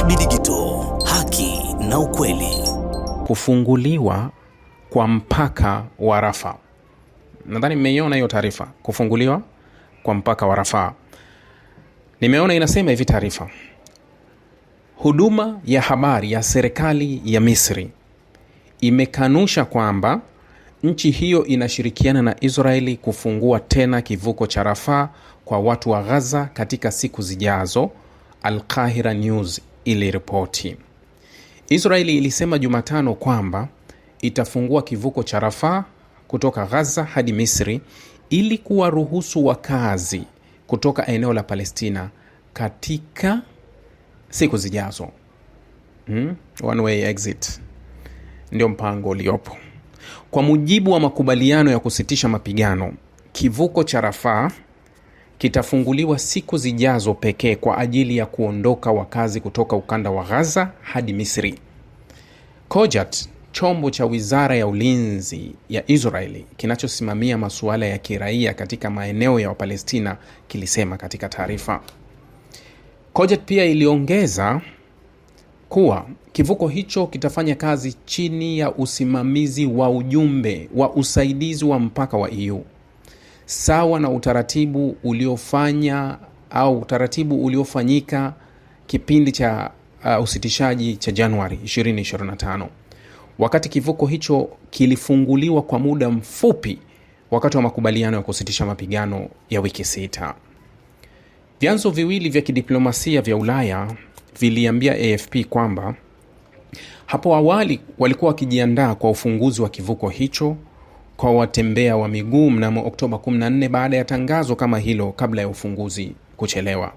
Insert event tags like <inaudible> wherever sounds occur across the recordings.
Nashbi Digital, haki na ukweli. Kufunguliwa kwa mpaka wa Rafa, nadhani mmeiona hiyo taarifa, kufunguliwa kwa mpaka wa Rafa. Nimeona inasema hivi taarifa, huduma ya habari ya serikali ya Misri imekanusha kwamba nchi hiyo inashirikiana na Israeli kufungua tena kivuko cha Rafaa kwa watu wa Gaza katika siku zijazo. Qahira News iliripoti. Israeli ilisema Jumatano kwamba itafungua kivuko cha rafaa kutoka Gaza hadi Misri ili kuwaruhusu wakazi kutoka eneo la Palestina katika siku zijazo. Hmm? One way exit ndio mpango uliopo. Kwa mujibu wa makubaliano ya kusitisha mapigano, kivuko cha rafaa kitafunguliwa siku zijazo pekee kwa ajili ya kuondoka wakazi kutoka ukanda wa Gaza hadi Misri. Kojat, chombo cha wizara ya ulinzi ya Israeli kinachosimamia masuala ya kiraia katika maeneo ya Wapalestina kilisema katika taarifa. Kojat pia iliongeza kuwa kivuko hicho kitafanya kazi chini ya usimamizi wa ujumbe wa usaidizi wa mpaka wa EU sawa na utaratibu uliofanya au utaratibu uliofanyika kipindi cha uh, usitishaji cha Januari 2025 wakati kivuko hicho kilifunguliwa kwa muda mfupi wakati wa makubaliano ya kusitisha mapigano ya wiki sita. Vyanzo viwili vya kidiplomasia vya Ulaya viliambia AFP kwamba hapo awali walikuwa wakijiandaa kwa ufunguzi wa kivuko hicho kwa watembea wa miguu mnamo Oktoba 14 baada ya tangazo kama hilo kabla ya ufunguzi kuchelewa.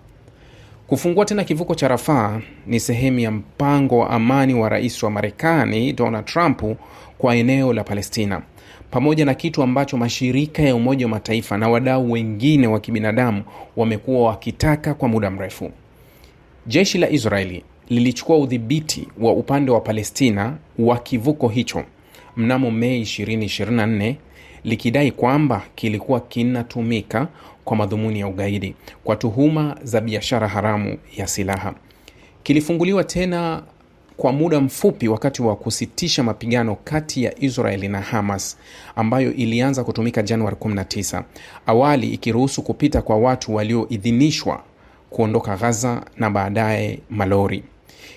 Kufungua tena kivuko cha Rafaa ni sehemu ya mpango wa amani wa rais wa Marekani Donald Trump kwa eneo la Palestina, pamoja na kitu ambacho mashirika ya Umoja wa Mataifa na wadau wengine wa kibinadamu wamekuwa wakitaka kwa muda mrefu. Jeshi la Israeli lilichukua udhibiti wa upande wa Palestina wa kivuko hicho mnamo Mei 2024 likidai kwamba kilikuwa kinatumika kwa madhumuni ya ugaidi kwa tuhuma za biashara haramu ya silaha. Kilifunguliwa tena kwa muda mfupi wakati wa kusitisha mapigano kati ya Israeli na Hamas ambayo ilianza kutumika Januari 19, awali ikiruhusu kupita kwa watu walioidhinishwa kuondoka Gaza na baadaye malori.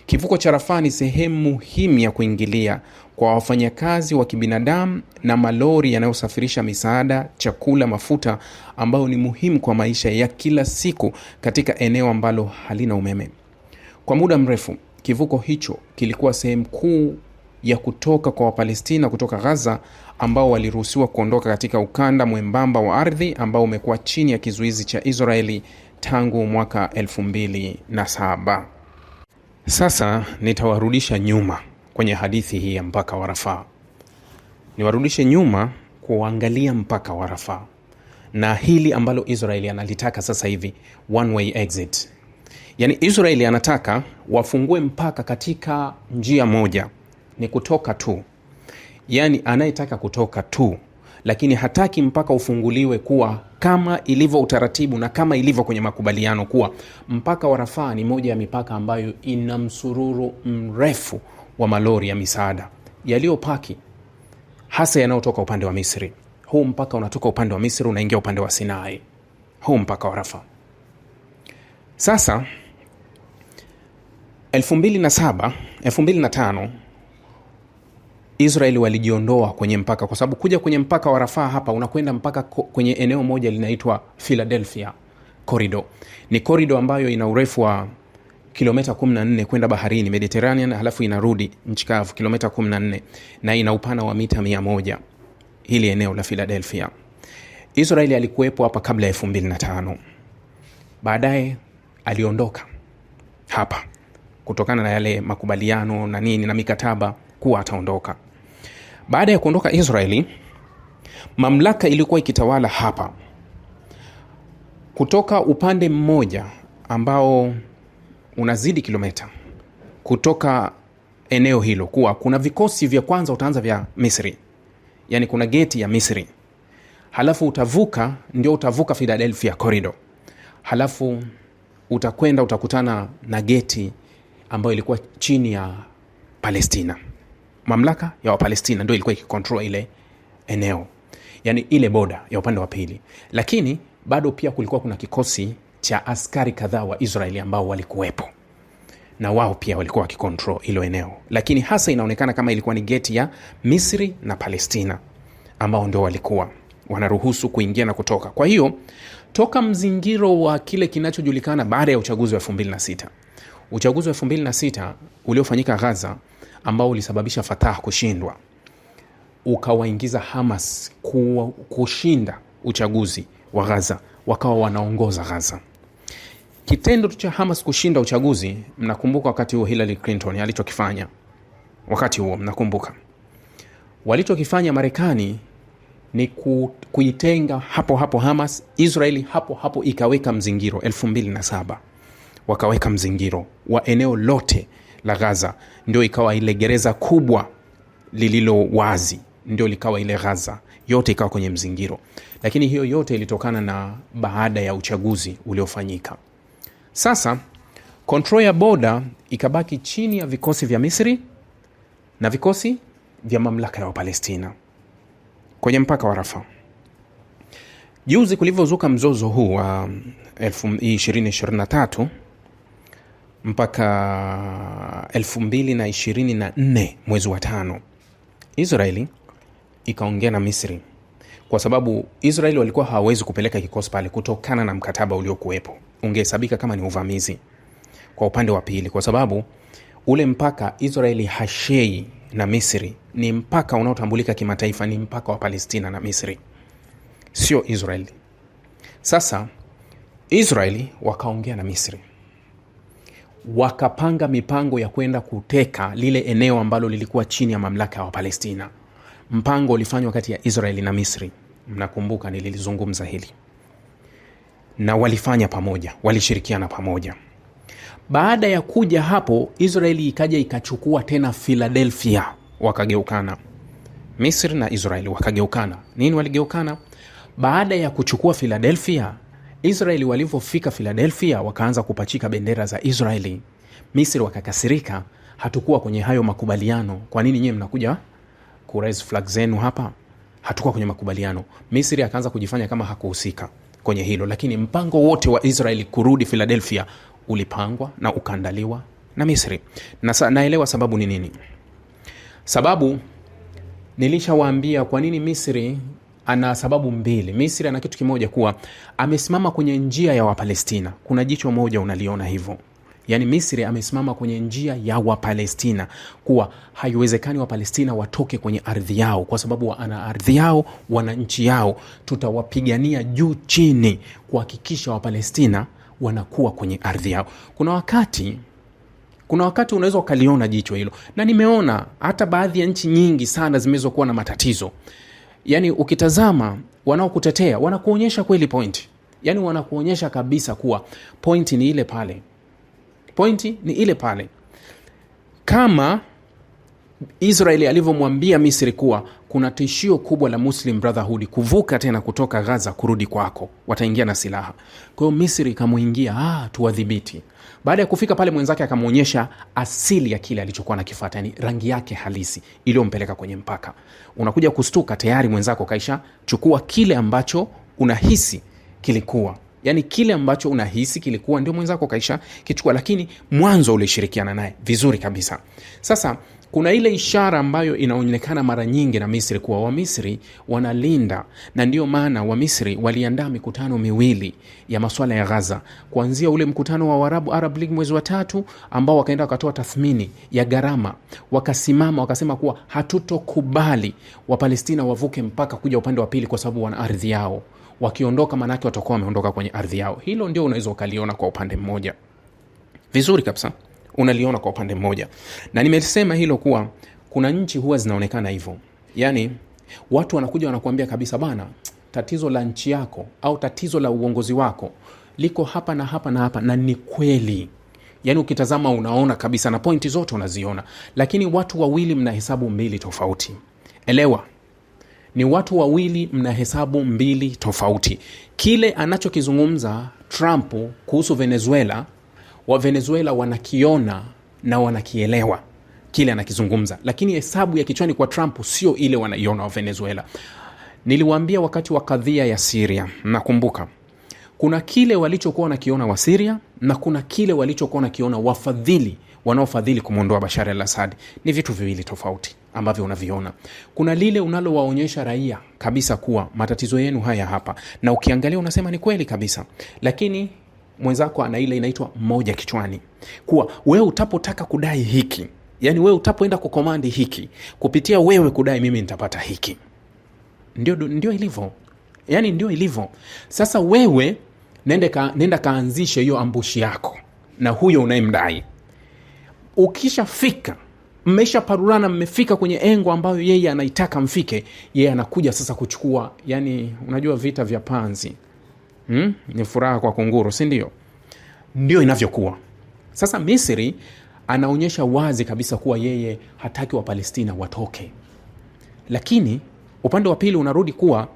Kivuko cha Rafaa ni sehemu muhimu ya kuingilia kwa wafanyakazi wa kibinadamu na malori yanayosafirisha misaada, chakula, mafuta ambayo ni muhimu kwa maisha ya kila siku katika eneo ambalo halina umeme. Kwa muda mrefu, kivuko hicho kilikuwa sehemu kuu ya kutoka kwa Wapalestina kutoka Gaza ambao waliruhusiwa kuondoka katika ukanda mwembamba wa ardhi ambao umekuwa chini ya kizuizi cha Israeli tangu mwaka 2007. Sasa nitawarudisha nyuma kwenye hadithi hii ya mpaka wa Rafaa, niwarudishe nyuma kuangalia mpaka wa Rafaa na hili ambalo Israeli analitaka sasa hivi, one way exit. Yani Israeli anataka wafungue mpaka katika njia moja, ni kutoka tu. Yani anayetaka kutoka tu lakini hataki mpaka ufunguliwe kuwa kama ilivyo utaratibu na kama ilivyo kwenye makubaliano kuwa mpaka wa Rafaa ni moja ya mipaka ambayo ina msururu mrefu wa malori ya misaada yaliyopaki hasa yanayotoka upande wa Misri. Huu mpaka unatoka upande wa Misri unaingia upande wa Sinai, huu mpaka wa Rafaa. Sasa 2 7 na Israeli walijiondoa kwenye mpaka, kwa sababu kuja kwenye mpaka wa Rafaa hapa unakwenda mpaka kwenye eneo moja linaitwa Philadelphia Corridor. Ni korido ambayo ina urefu wa kilomita 14 kwenda baharini Mediterranean, halafu inarudi nchikavu kavu kilomita 14 na ina upana wa mita 1 hili eneo la Philadelphia. Israeli alikuwepo hapa kabla ya 25 baadaye aliondoka hapa kutokana na yale makubaliano na nini na mikataba kuwa ataondoka. Baada ya kuondoka Israeli, mamlaka ilikuwa ikitawala hapa kutoka upande mmoja ambao unazidi kilomita kutoka eneo hilo, kuwa kuna vikosi vya kwanza utaanza vya Misri, yaani kuna geti ya Misri, halafu utavuka, ndio utavuka Philadelphia corridor, halafu utakwenda utakutana na geti ambayo ilikuwa chini ya Palestina mamlaka ya Wapalestina ndio ilikuwa ikikontrol ile eneo, yani ile boda ya upande wa pili, lakini bado pia kulikuwa kuna kikosi cha askari kadhaa wa Israeli ambao walikuwepo na wao pia walikuwa wakikontrol hilo eneo, lakini hasa inaonekana kama ilikuwa ni geti ya Misri na Palestina ambao ndio walikuwa wanaruhusu kuingia na kutoka. Kwa hiyo toka mzingiro wa kile kinachojulikana baada ya uchaguzi wa 26 uchaguzi wa 26 uliofanyika ghaza ambao ulisababisha Fatah kushindwa ukawaingiza Hamas ku, kushinda uchaguzi wa ghaza wakawa wanaongoza ghaza Kitendo cha Hamas kushinda uchaguzi, mnakumbuka wakati huo Hillary Clinton alichokifanya wakati huo, mnakumbuka walichokifanya Marekani ni ku, kuitenga hapo hapo Hamas. Israeli hapo hapo ikaweka mzingiro 27 wakaweka mzingiro wa eneo lote la Gaza ndio ikawa ile gereza kubwa lililo wazi, ndio likawa ile Gaza yote ikawa kwenye mzingiro. Lakini hiyo yote ilitokana na baada ya uchaguzi uliofanyika. Sasa kontrol ya boda ikabaki chini ya vikosi vya Misri na vikosi vya mamlaka ya Wapalestina kwenye mpaka wa Rafa. Juzi kulivyozuka mzozo huu wa 2023 um, mpaka 224 na na nne mwezi wa tano Israeli ikaongea na Misri kwa sababu Israeli walikuwa hawawezi kupeleka kikosi pale kutokana na mkataba uliokuwepo, ungehesabika kama ni uvamizi kwa upande wa pili, kwa sababu ule mpaka Israeli hashei na Misri ni mpaka unaotambulika kimataifa, ni mpaka wa Palestina na Misri, sio Israeli. Sasa Israeli wakaongea na Misri wakapanga mipango ya kwenda kuteka lile eneo ambalo lilikuwa chini ya mamlaka ya Wapalestina. Mpango ulifanywa kati ya Israeli na Misri, mnakumbuka nililizungumza hili, na walifanya pamoja, walishirikiana pamoja. Baada ya kuja hapo, Israeli ikaja ikachukua tena filadelfia wakageukana. Misri na Israeli wakageukana. Nini waligeukana? Baada ya kuchukua filadelfia Israeli walivyofika filadelfia wakaanza kupachika bendera za Israeli. Misri wakakasirika, hatukuwa kwenye hayo makubaliano, kwa nini nyiwe mnakuja kurais flag zenu hapa? Hatukuwa kwenye makubaliano. Misri akaanza kujifanya kama hakuhusika kwenye hilo, lakini mpango wote wa Israeli kurudi filadelfia ulipangwa na ukaandaliwa na Misri na sa, naelewa sababu ni nini. Sababu nilishawaambia kwa nini Misri ana sababu mbili. Misri ana kitu kimoja, kuwa amesimama kwenye njia ya Wapalestina. Kuna jicho moja unaliona hivyo Yaani Misri amesimama kwenye njia ya Wapalestina, kuwa haiwezekani Wapalestina watoke kwenye ardhi yao, kwa sababu ana ardhi yao, wana nchi yao, tutawapigania juu chini kuhakikisha Wapalestina wanakuwa kwenye ardhi yao. Kuna wakati kuna wakati unaweza ukaliona jicho hilo, na nimeona hata baadhi ya nchi nyingi sana zimewezakuwa na matatizo yani ukitazama wanaokutetea wanakuonyesha kweli point, yani wanakuonyesha kabisa kuwa point ni ile pale, point ni ile pale, kama Israeli alivyomwambia Misri kuwa kuna tishio kubwa la Muslim Brotherhood kuvuka tena kutoka Gaza kurudi kwako, wataingia na silaha. Kwa hiyo Misri ikamuingia, ah, tuwadhibiti baada ya kufika pale, mwenzake akamwonyesha asili ya kile alichokuwa nakifata yani rangi yake halisi iliyompeleka kwenye mpaka. Unakuja kustuka, tayari mwenzako kaisha chukua kile ambacho unahisi kilikuwa yani kile ambacho unahisi kilikuwa ndio mwenzako kaisha kichukua, lakini mwanzo ulishirikiana naye vizuri kabisa. Sasa kuna ile ishara ambayo inaonekana mara nyingi na Misri kuwa Wamisri wanalinda, na ndiyo maana Wamisri waliandaa mikutano miwili ya maswala ya Gaza, kuanzia ule mkutano wa warabu Arab League, mwezi wa tatu, ambao wakaenda wakatoa tathmini ya gharama, wakasimama wakasema kuwa hatutokubali Wapalestina wavuke mpaka kuja upande wa pili, kwa sababu wana ardhi yao. Wakiondoka maanake watakuwa wameondoka kwenye ardhi yao. Hilo ndio unaweza ukaliona kwa upande mmoja vizuri kabisa unaliona kwa upande mmoja, na nimesema hilo kuwa kuna nchi huwa zinaonekana hivyo, yaani watu wanakuja wanakuambia kabisa, bana, tatizo la nchi yako au tatizo la uongozi wako liko hapa na hapa na hapa, na ni kweli Yaani ukitazama unaona kabisa na pointi zote unaziona, lakini watu wawili mna hesabu mbili tofauti. Elewa, ni watu wawili mna hesabu mbili tofauti. Kile anachokizungumza Trump kuhusu Venezuela wa Venezuela wanakiona na wanakielewa kile anakizungumza, lakini hesabu ya kichwani kwa Trump sio ile wanaiona wa Venezuela. Niliwaambia wakati wa kadhia ya Siria, nakumbuka kuna kile walichokuwa wanakiona wa Siria na kuna kile walichokuwa wanakiona wafadhili wanaofadhili kumwondoa Bashar al Asad. Ni vitu viwili tofauti ambavyo unaviona. Kuna lile unalowaonyesha raia kabisa kuwa matatizo yenu haya hapa, na ukiangalia unasema ni kweli kabisa, lakini mwenzako ana ile inaitwa moja kichwani, kuwa wewe utapotaka kudai hiki, yani wewe utapoenda kukomandi hiki kupitia wewe kudai, mimi nitapata hiki. Ndio, ndio ilivyo, yani ndio ilivyo. Sasa wewe nenda ka, nenda kaanzishe hiyo ambushi yako na huyo unayemdai. Ukishafika mmeisha parurana, mmefika kwenye engo ambayo yeye anaitaka mfike, yeye anakuja sasa kuchukua. Yani unajua vita vya panzi hmm? Ni furaha kwa kunguru, si ndio? Ndio inavyokuwa sasa. Misri anaonyesha wazi kabisa kuwa yeye hataki Wapalestina watoke, lakini upande wa pili unarudi kuwa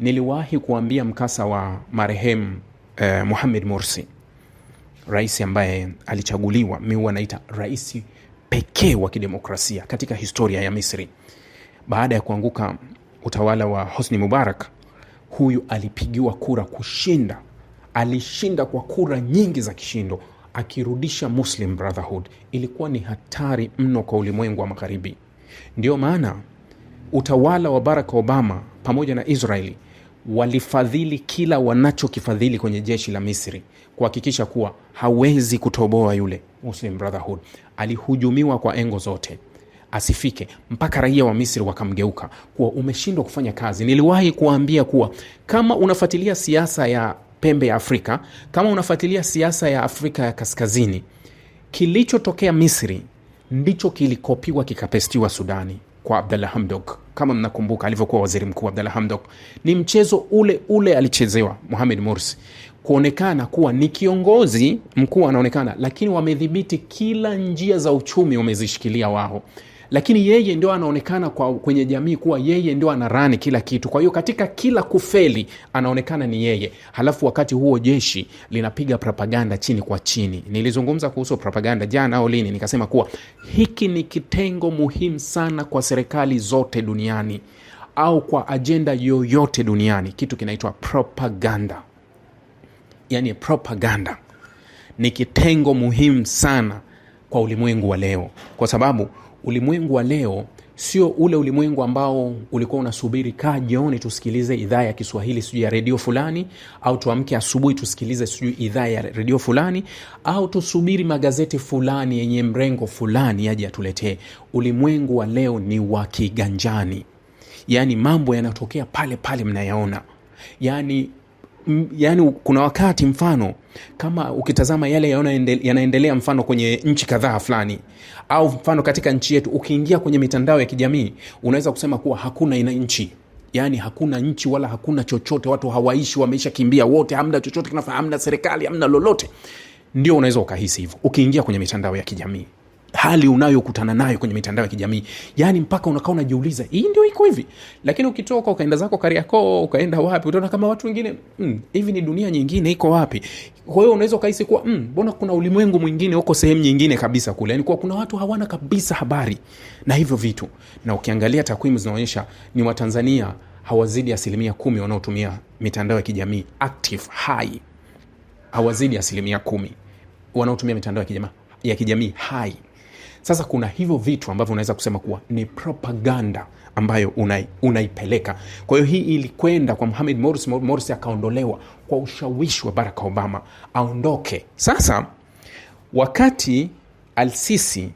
niliwahi kuambia mkasa wa marehemu eh, Muhamed Morsi, rais ambaye alichaguliwa, mi huwa naita rais pekee wa kidemokrasia katika historia ya Misri baada ya kuanguka utawala wa Hosni Mubarak huyu alipigiwa kura kushinda, alishinda kwa kura nyingi za kishindo akirudisha Muslim Brotherhood. Ilikuwa ni hatari mno kwa ulimwengu wa Magharibi. Ndiyo maana utawala wa Barack Obama pamoja na Israeli walifadhili kila wanachokifadhili kwenye jeshi la Misri kuhakikisha kuwa hawezi kutoboa yule Muslim Brotherhood. Alihujumiwa kwa engo zote asifike mpaka raia wa Misri wakamgeuka kuwa umeshindwa kufanya kazi. Niliwahi kuwaambia kuwa kama unafuatilia siasa ya pembe ya Afrika, kama unafuatilia siasa ya Afrika ya Kaskazini, kilichotokea Misri ndicho kilikopiwa kikapestiwa Sudani kwa Abdallah Hamdok. Kama mnakumbuka alivyokuwa waziri mkuu Abdallah Hamdok, ni mchezo ule ule alichezewa muhamed mursi kuonekana kuwa ni kiongozi mkuu anaonekana, lakini wamedhibiti kila njia za uchumi, wamezishikilia wao lakini yeye ndio anaonekana kwa kwenye jamii kuwa yeye ndio anarani kila kitu. Kwa hiyo katika kila kufeli anaonekana ni yeye, halafu wakati huo jeshi linapiga propaganda chini kwa chini. Nilizungumza kuhusu propaganda jana au lini, nikasema kuwa hiki ni kitengo muhimu sana kwa serikali zote duniani au kwa ajenda yoyote duniani, kitu kinaitwa propaganda. Yani propaganda ni kitengo muhimu sana kwa ulimwengu wa leo, kwa sababu ulimwengu wa leo sio ule ulimwengu ambao ulikuwa unasubiri, kaa jioni tusikilize idhaa ya Kiswahili sijui ya redio fulani, au tuamke asubuhi tusikilize sijui idhaa ya redio fulani, au tusubiri magazeti fulani yenye mrengo fulani yaje yatuletee. Ulimwengu wa leo ni wa kiganjani, yaani mambo yanatokea pale pale mnayaona, yaani yaani kuna wakati mfano kama ukitazama yale yanaendelea mfano kwenye nchi kadhaa fulani au mfano katika nchi yetu, ukiingia kwenye mitandao ya kijamii unaweza kusema kuwa hakuna ina nchi Yaani hakuna nchi wala hakuna chochote, watu hawaishi, wameisha kimbia wote, hamna chochote kinafaa, hamna serikali, hamna lolote. Ndio unaweza ukahisi hivo ukiingia kwenye mitandao ya kijamii hali unayokutana nayo kwenye mitandao ya kijamii yani mpaka unakaa unajiuliza hii ndio iko hivi lakini ukitoka ukaenda zako kariakoo ukaenda wapi utaona kama watu wengine hmm, hivi mm, ni dunia nyingine iko wapi kwa hiyo unaweza ukahisi kuwa hmm, mbona mm, kuna ulimwengu mwingine huko sehemu nyingine kabisa kule yani kuwa kuna watu hawana kabisa habari na hivyo vitu na ukiangalia takwimu zinaonyesha ni watanzania hawazidi asilimia kumi wanaotumia mitandao ya kijamii active high hawazidi asilimia kumi wanaotumia mitandao ya kijamii, ya kijamii hai sasa kuna hivyo vitu ambavyo unaweza kusema kuwa ni propaganda ambayo unai, unaipeleka. Kwa hiyo hii ilikwenda kwa Mohamed Morsi. Morsi akaondolewa kwa ushawishi wa Barack Obama aondoke. Sasa wakati Al-Sisi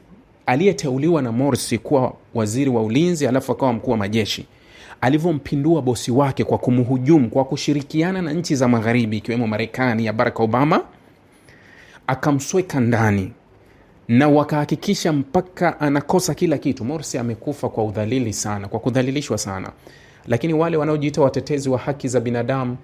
aliyeteuliwa na Morsi kuwa waziri wa ulinzi alafu akawa mkuu wa majeshi alivyompindua bosi wake kwa kumhujumu kwa kushirikiana na nchi za magharibi ikiwemo Marekani ya Barack Obama, akamsweka ndani na wakahakikisha mpaka anakosa kila kitu. Morsi amekufa kwa udhalili sana, kwa kudhalilishwa sana, lakini wale wanaojiita watetezi wa haki za binadamu,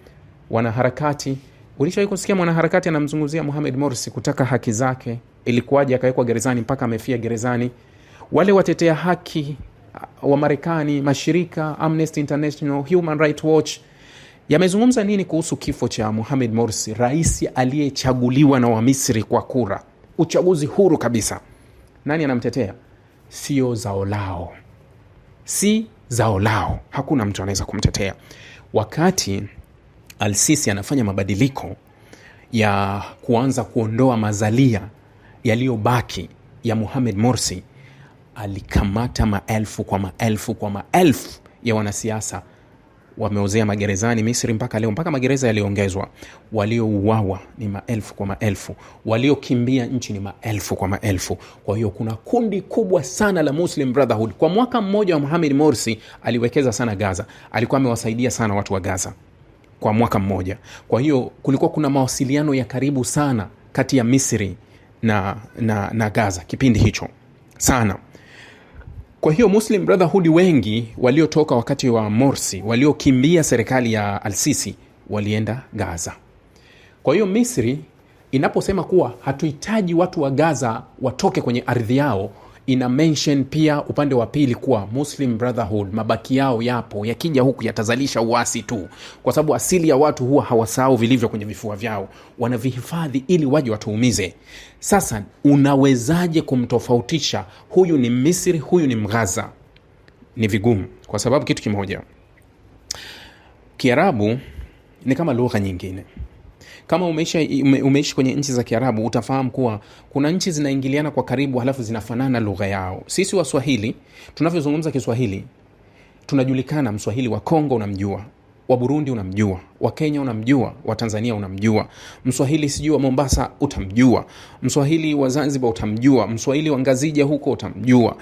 wanaharakati Ulishawahi kusikia mwanaharakati anamzungumzia Muhamed Morsi kutaka haki zake? Ilikuwaje akawekwa gerezani mpaka amefia gerezani? Wale watetea haki uh, wa Marekani, mashirika Amnesty International, Human Rights Watch yamezungumza nini kuhusu kifo cha Muhamed Morsi, rais aliyechaguliwa na Wamisri kwa kura? uchaguzi huru kabisa. Nani anamtetea? Sio zao lao, si zao lao. Hakuna mtu anaweza kumtetea. Wakati alsisi anafanya mabadiliko ya kuanza kuondoa mazalia yaliyobaki ya muhamed Morsi, alikamata maelfu kwa maelfu kwa maelfu ya wanasiasa wameozea magerezani Misri mpaka leo, mpaka magereza yaliongezwa. Waliouawa ni maelfu kwa maelfu, waliokimbia nchi ni maelfu kwa maelfu. Kwa hiyo kuna kundi kubwa sana la Muslim Brotherhood. Kwa mwaka mmoja wa Mohamed Morsi aliwekeza sana Gaza, alikuwa amewasaidia sana watu wa Gaza kwa mwaka mmoja. Kwa hiyo kulikuwa kuna mawasiliano ya karibu sana kati ya Misri na, na, na Gaza kipindi hicho sana kwa hiyo Muslim Brotherhood wengi waliotoka wakati wa Morsi, waliokimbia serikali ya alsisi walienda Gaza. Kwa hiyo Misri inaposema kuwa hatuhitaji watu wa Gaza watoke kwenye ardhi yao ina mention pia upande wa pili kuwa Muslim Brotherhood mabaki yao yapo, yakija huku yatazalisha uasi tu, kwa sababu asili ya watu huwa hawasahau vilivyo kwenye vifua vyao, wanavihifadhi ili waje watuumize. Sasa unawezaje kumtofautisha huyu ni Misri, huyu ni mghaza Ni vigumu, kwa sababu kitu kimoja, Kiarabu ni kama lugha nyingine. Kama umeisha, ume, umeishi kwenye nchi za Kiarabu utafahamu kuwa kuna nchi zinaingiliana kwa karibu, halafu zinafanana lugha yao. Sisi Waswahili tunavyozungumza Kiswahili tunajulikana, Mswahili wa Kongo unamjua wa Burundi unamjua, wa Kenya unamjua, wa Tanzania unamjua, Mswahili sijui wa Mombasa utamjua, Mswahili wa Zanzibar utamjua, Mswahili wa Ngazija huko utamjua,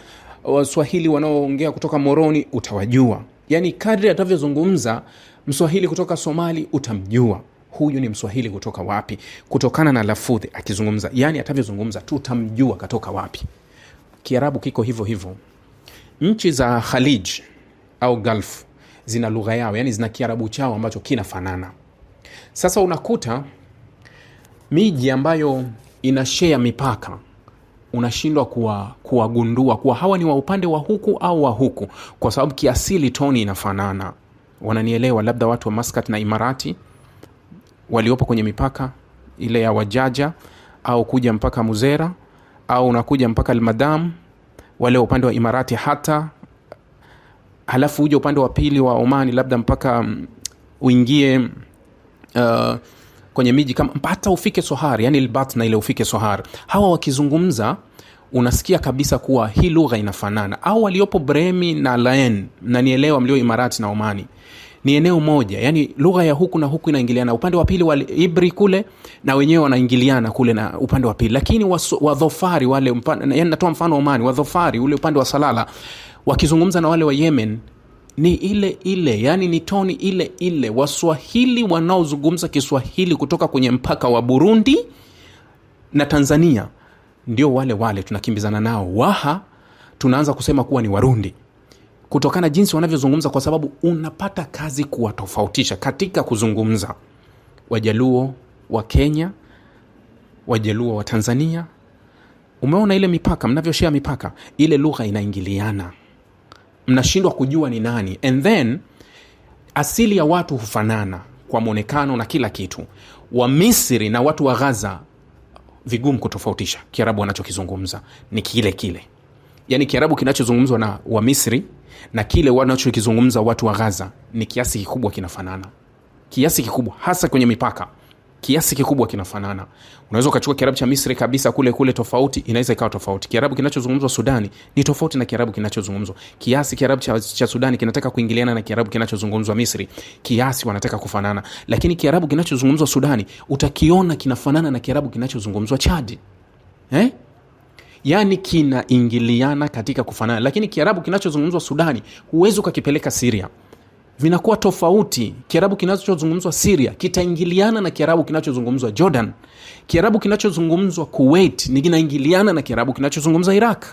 Waswahili wanaoongea kutoka Moroni utawajua. Yaani kadri atavyozungumza Mswahili kutoka Somali utamjua huyu ni Mswahili kutoka wapi, kutokana na lafudhi akizungumza, yani atavyozungumza tutamjua katoka wapi. Kiarabu kiko hivyo hivyo. Nchi za Khalij au Gulf zina lugha yao, yani zina Kiarabu chao ambacho kinafanana. Sasa unakuta miji ambayo ina mipaka unashindwa kuwagundua kuwa hawa ni wa upande wa huku au wa huku, kwa sababu kiasili toni inafanana. Wananielewa labda watu wa Maskat na Imarati waliopo kwenye mipaka ile ya Wajaja au kuja mpaka Muzera au unakuja mpaka Almadam, wale upande wa Imarati hata halafu uje upande wa pili wa Omani labda mpaka mm, uingie uh, kwenye miji kama hata ufike Sohar, yani Ilbatna ile ufike Sohar. Hawa wakizungumza unasikia kabisa kuwa hii lugha inafanana, au waliopo Bremi na Laen, mnanielewa mlio Imarati na Omani ni eneo moja, yani lugha ya huku na huku inaingiliana. Upande wa pili wa Ibri kule na wenyewe wanaingiliana kule na upande wa pili, lakini wadhofari wale, yani natoa mfano mani wadhofari ule upande wa Salala wakizungumza na wale wa Yemen ni ile ile, yani ni toni ile ile. Waswahili wanaozungumza Kiswahili kutoka kwenye mpaka wa Burundi na Tanzania ndio wale wale tunakimbizana nao. Waha tunaanza kusema kuwa ni Warundi kutokana jinsi wanavyozungumza, kwa sababu unapata kazi kuwatofautisha katika kuzungumza Wajaluo wa Kenya, Wajaluo wa Tanzania. Umeona ile mipaka mnavyoshea mipaka, ile lugha inaingiliana, mnashindwa kujua ni nani, and then asili ya watu hufanana kwa mwonekano na kila kitu. Wa Misri na watu wa ghaza vigumu kutofautisha. Kiarabu wanachokizungumza ni kile kile, yaani Kiarabu kinachozungumzwa na Wamisri na kile wanachokizungumza watu wa Gaza ni kiasi kikubwa kinafanana, kiasi kikubwa hasa kwenye mipaka kiasi kikubwa kinafanana. Unaweza ukachukua Kiarabu cha Misri kabisa kule kule, tofauti inaweza ikawa tofauti. Kiarabu kinachozungumzwa Sudani ni tofauti na Kiarabu kinachozungumzwa kiasi. Kiarabu cha, cha Sudani kinataka kuingiliana na Kiarabu kinachozungumzwa Misri kiasi, wanataka kufanana, lakini Kiarabu kinachozungumzwa Sudani utakiona kinafanana na Kiarabu kinachozungumzwa Chadi eh? yani kinaingiliana katika kufanana, lakini Kiarabu kinachozungumzwa Sudani huwezi ukakipeleka Siria, vinakuwa tofauti. Kiarabu kinachozungumzwa Siria kitaingiliana na Kiarabu kinachozungumzwa Jordan. Kiarabu kinachozungumzwa Kuwait ni kinaingiliana na Kiarabu kinachozungumzwa Iraq.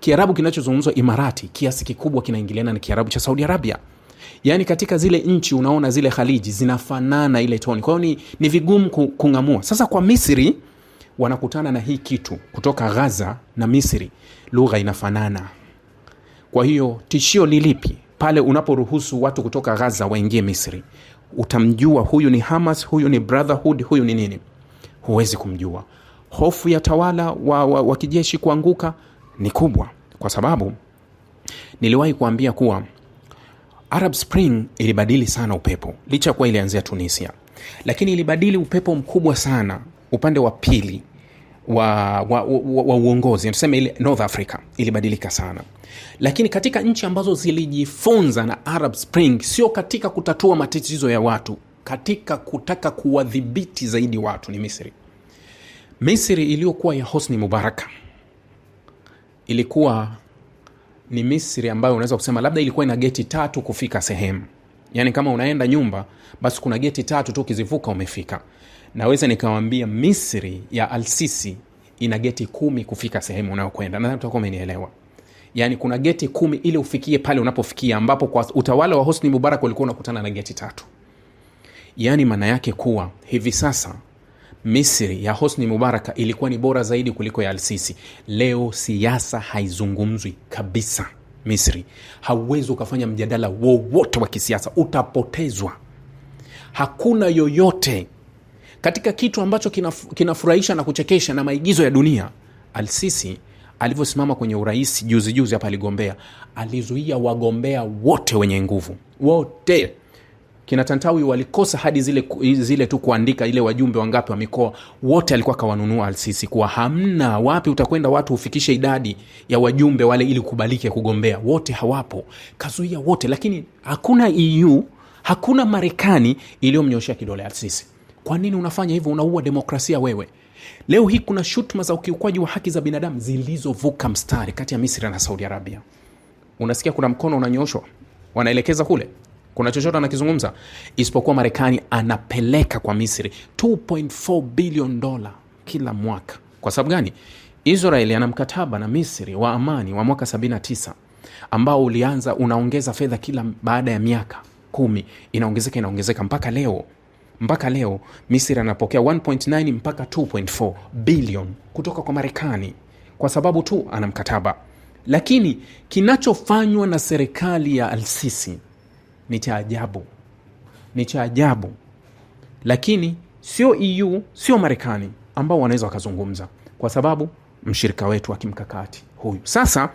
Kiarabu kinachozungumzwa Imarati kiasi kikubwa kinaingiliana na Kiarabu cha Saudi Arabia. Yaani katika zile nchi unaona zile Khaliji zinafanana ile toni, kwa hiyo ni, ni vigumu kung'amua. Sasa kwa Misri wanakutana na hii kitu kutoka Gaza na Misri, lugha inafanana. Kwa hiyo tishio ni lipi pale unaporuhusu watu kutoka Gaza waingie Misri? Utamjua huyu ni Hamas, huyu ni Brotherhood, huyu ni nini? Huwezi kumjua. Hofu ya tawala wa, wa, wa kijeshi kuanguka ni kubwa, kwa sababu niliwahi kuambia kuwa Arab Spring ilibadili sana upepo, licha ya kuwa ilianzia Tunisia, lakini ilibadili upepo mkubwa sana upande wa pili wa, wa, wa, wa uongozi tuseme ile North Africa ilibadilika sana, lakini katika nchi ambazo zilijifunza na Arab Spring, sio katika kutatua matatizo ya watu, katika kutaka kuwadhibiti zaidi watu ni Misri. Misri iliyokuwa ya Hosni Mubaraka ilikuwa ni Misri ambayo unaweza kusema labda ilikuwa ina geti tatu kufika sehemu, yaani kama unaenda nyumba, basi kuna geti tatu tu, ukizivuka umefika naweza nikawambia Misri ya Alsisi ina geti kumi kufika sehemu unayokwenda. Nadhani utakuwa umenielewa. Yani kuna geti kumi ili ufikie pale unapofikia, ambapo kwa utawala wa Hosni Mubarak ulikuwa unakutana na geti tatu. Yani maana yake kuwa hivi sasa Misri ya Hosni Mubaraka ilikuwa ni bora zaidi kuliko ya Alsisi. Leo siasa haizungumzwi kabisa Misri. Hauwezi ukafanya mjadala wowote wa kisiasa, utapotezwa. Hakuna yoyote katika kitu ambacho kinafurahisha kina na kuchekesha na maigizo ya dunia. alsisi alivyosimama kwenye urahisi juzi juzi hapa, aligombea alizuia wagombea wote wenye nguvu wote. Kina Tantawi walikosa hadi zile, zile tu kuandika ile wajumbe wangapi wa mikoa, wote alikuwa akawanunua alsisi kuwa hamna wapi utakwenda watu ufikishe idadi ya wajumbe wale ili kubalike kugombea, wote hawapo, kazuia wote, lakini hakuna EU hakuna Marekani iliyomnyoshea kidole alsisi kwa nini unafanya hivyo? Unaua demokrasia wewe. Leo hii kuna shutuma za ukiukwaji wa haki za binadamu zilizovuka mstari kati ya Misri na Saudi Arabia. Unasikia kuna mkono unanyoshwa, wanaelekeza kule, kuna chochote anakizungumza, isipokuwa Marekani anapeleka kwa Misri 2.4 bilioni dola kila mwaka. Kwa sababu gani? israel ana mkataba na Misri wa amani wa mwaka 79 ambao ulianza, unaongeza fedha kila baada ya miaka kumi, inaongezeka inaongezeka mpaka leo mpaka leo Misri anapokea 1.9 mpaka 2.4 bilioni kutoka kwa Marekani kwa sababu tu ana mkataba. Lakini kinachofanywa na serikali ya Al-Sisi ni cha ajabu, ni cha ajabu. Lakini sio EU, sio Marekani ambao wanaweza wakazungumza, kwa sababu mshirika wetu wa kimkakati huyu. Sasa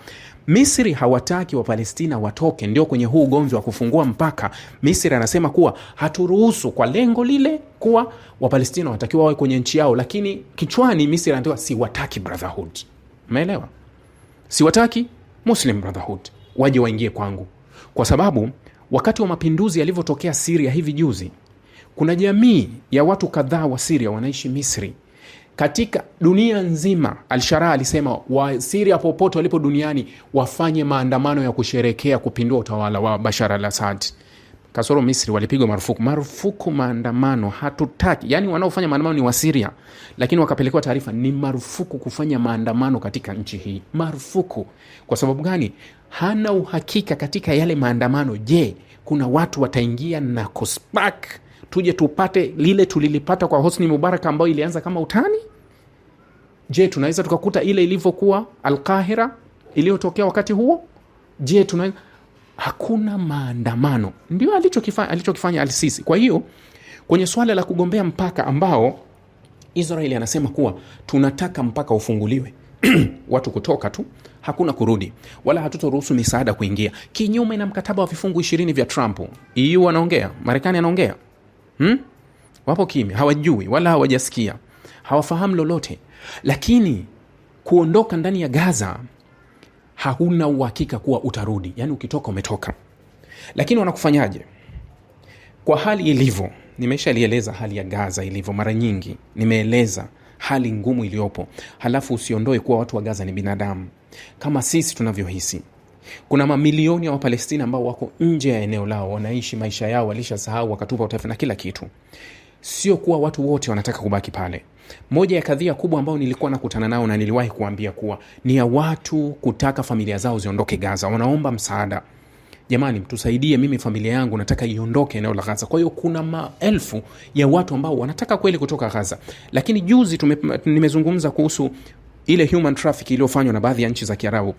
Misri hawataki Wapalestina watoke, ndio kwenye huu ugomvi wa kufungua mpaka. Misri anasema kuwa haturuhusu, kwa lengo lile kuwa Wapalestina wanatakiwa wawe kwenye nchi yao, lakini kichwani Misri anatoa siwataki brotherhood. Umeelewa? Siwataki Muslim Brotherhood waje waingie kwangu, kwa sababu wakati wa mapinduzi yalivyotokea Siria hivi juzi, kuna jamii ya watu kadhaa wa Siria wanaishi Misri katika dunia nzima. Alshara alisema Wasiria popote walipo duniani wafanye maandamano ya kusherekea kupindua utawala wa Bashar al Asad, kasoro Misri walipigwa marufuku. Marufuku maandamano, hatutaki. Yani wanaofanya maandamano ni Wasiria, lakini wakapelekewa taarifa ni marufuku kufanya maandamano katika nchi hii. Marufuku kwa sababu gani? Hana uhakika katika yale maandamano. Je, kuna watu wataingia na kuspak tuje tupate lile tulilipata kwa Hosni Mubarak ambayo ilianza kama utani? Je, tunaweza tukakuta ile ilivyokuwa Alqahira iliyotokea wakati huo? Je, tuna hakuna maandamano? Ndio alichokifanya alichokifanya alsisi Kwa hiyo kwenye swala la kugombea mpaka ambao Israeli anasema kuwa tunataka mpaka ufunguliwe <clears throat> watu kutoka tu, hakuna kurudi, wala hatutoruhusu misaada kuingia, kinyume na mkataba wa vifungu ishirini vya Trump. iu e anaongea, Marekani anaongea hmm? wapo kimya, hawajui wala hawajasikia, hawafahamu lolote, lakini kuondoka ndani ya Gaza hauna uhakika kuwa utarudi. Yani ukitoka umetoka, lakini wanakufanyaje? Kwa hali ilivyo, nimeshalieleza hali ya Gaza ilivyo mara nyingi, nimeeleza hali ngumu iliyopo, halafu usiondoe kuwa watu wa Gaza ni binadamu kama sisi tunavyohisi. Kuna mamilioni ya Wapalestina ambao wako nje ya eneo lao, wanaishi maisha yao, walishasahau, wakatupa utafi na kila kitu. Sio kuwa watu wote wanataka kubaki pale. Moja ya kadhia kubwa ambao nilikuwa nakutana nao na niliwahi kuambia kuwa ni ya watu kutaka familia zao ziondoke Gaza, wanaomba msaada Jamani, tusaidie mimi familia yangu nataka iondoke eneo la Gaza. Kwa hiyo kuna maelfu ya watu ambao wanataka kweli kutoka Gaza, lakini juzi tume, nimezungumza kuhusu ile human traffic iliyofanywa na baadhi ya nchi za Kiarabu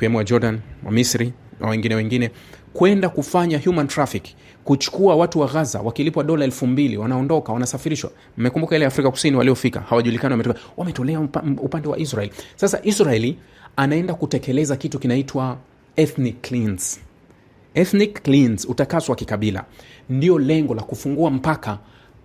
ikiwemo wa Jordan wa Misri na wengine wengine kwenda kufanya human traffic, kuchukua watu wa Gaza wakilipwa dola elfu mbili wanaondoka, wanasafirishwa. Mmekumbuka ile Afrika Kusini waliofika hawajulikani, wametoka wametolea upande wa Israel. Sasa Israeli anaenda kutekeleza kitu kinaitwa ethnic cleans. Ethnic cleans utakaswa kikabila, ndio lengo la kufungua mpaka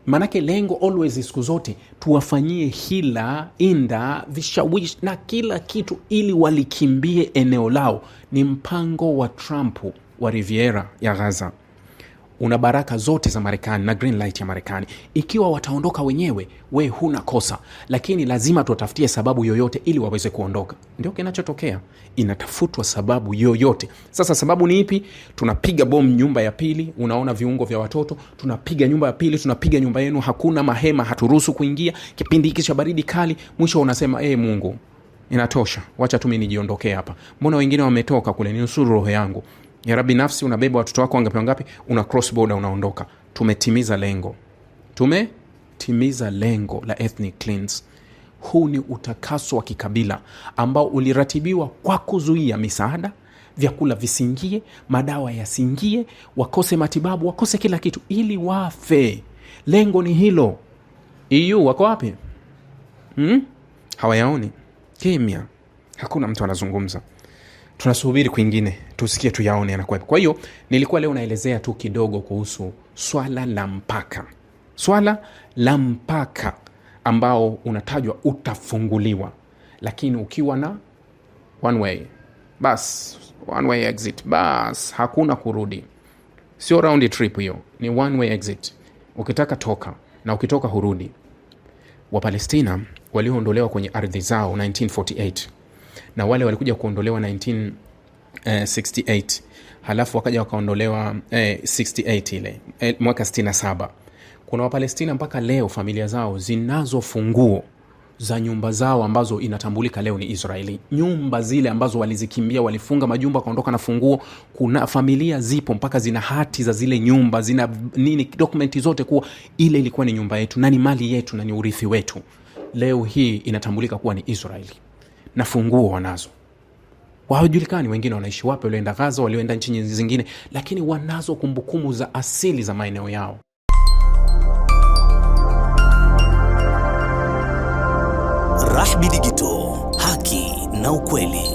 maanake lengo always siku zote tuwafanyie hila inda vishawishi na kila kitu ili walikimbie eneo lao ni mpango wa trump wa riviera ya gaza una baraka zote za Marekani na green light ya Marekani. Ikiwa wataondoka wenyewe, we huna kosa, lakini lazima tuwatafutie sababu yoyote ili waweze kuondoka. Ndio kinachotokea, inatafutwa sababu yoyote. Sasa sababu ni ipi? Tunapiga bomu nyumba ya pili, unaona viungo vya watoto, tunapiga nyumba ya pili, tunapiga nyumba yenu, hakuna mahema, haturuhusu kuingia kipindi hiki cha baridi kali. Mwisho unasema ee, Mungu inatosha, wacha tu mi nijiondokee hapa. Mbona wengine wametoka kule, ni roho yangu ya binafsi, unabeba watoto wako wangapi wangapi, una cross border, unaondoka. Tumetimiza lengo, tumetimiza lengo la ethnic cleans Huu ni utakaso wa kikabila ambao uliratibiwa kwa kuzuia misaada, vyakula visingie, madawa yasingie, wakose matibabu, wakose kila kitu, ili wafe. Lengo ni hilo. iu e wako wapi? Hmm? Hawayaoni, kimya, hakuna mtu anazungumza. Tunasubiri kwingine tusikie tuyaone yanakuwepo. Kwa hiyo nilikuwa leo naelezea tu kidogo kuhusu swala la mpaka, swala la mpaka ambao unatajwa utafunguliwa, lakini ukiwa na one way bas, one way exit bas, hakuna kurudi, sio round trip, hiyo ni one way exit. Ukitaka toka na ukitoka hurudi. Wapalestina walioondolewa kwenye ardhi zao 1948 na wale walikuja kuondolewa 68 eh, halafu wakaja wakaondolewa eh, 68 ile eh, mwaka 67 kuna wapalestina mpaka leo familia zao zinazo funguo za nyumba zao ambazo inatambulika leo ni Israeli. Nyumba zile ambazo walizikimbia, walifunga majumba wakaondoka na funguo. Kuna familia zipo mpaka zina hati za zile nyumba, zina nini, dokumenti zote kuwa ile ilikuwa ni nyumba yetu na ni mali yetu na ni urithi wetu. Leo hii inatambulika kuwa ni Israeli na funguo wanazo hawajulikani wengine wanaishi wapi, walioenda Gaza, walioenda nchi zingine, lakini wanazo kumbukumbu za asili za maeneo yao. Rahby digito haki na ukweli.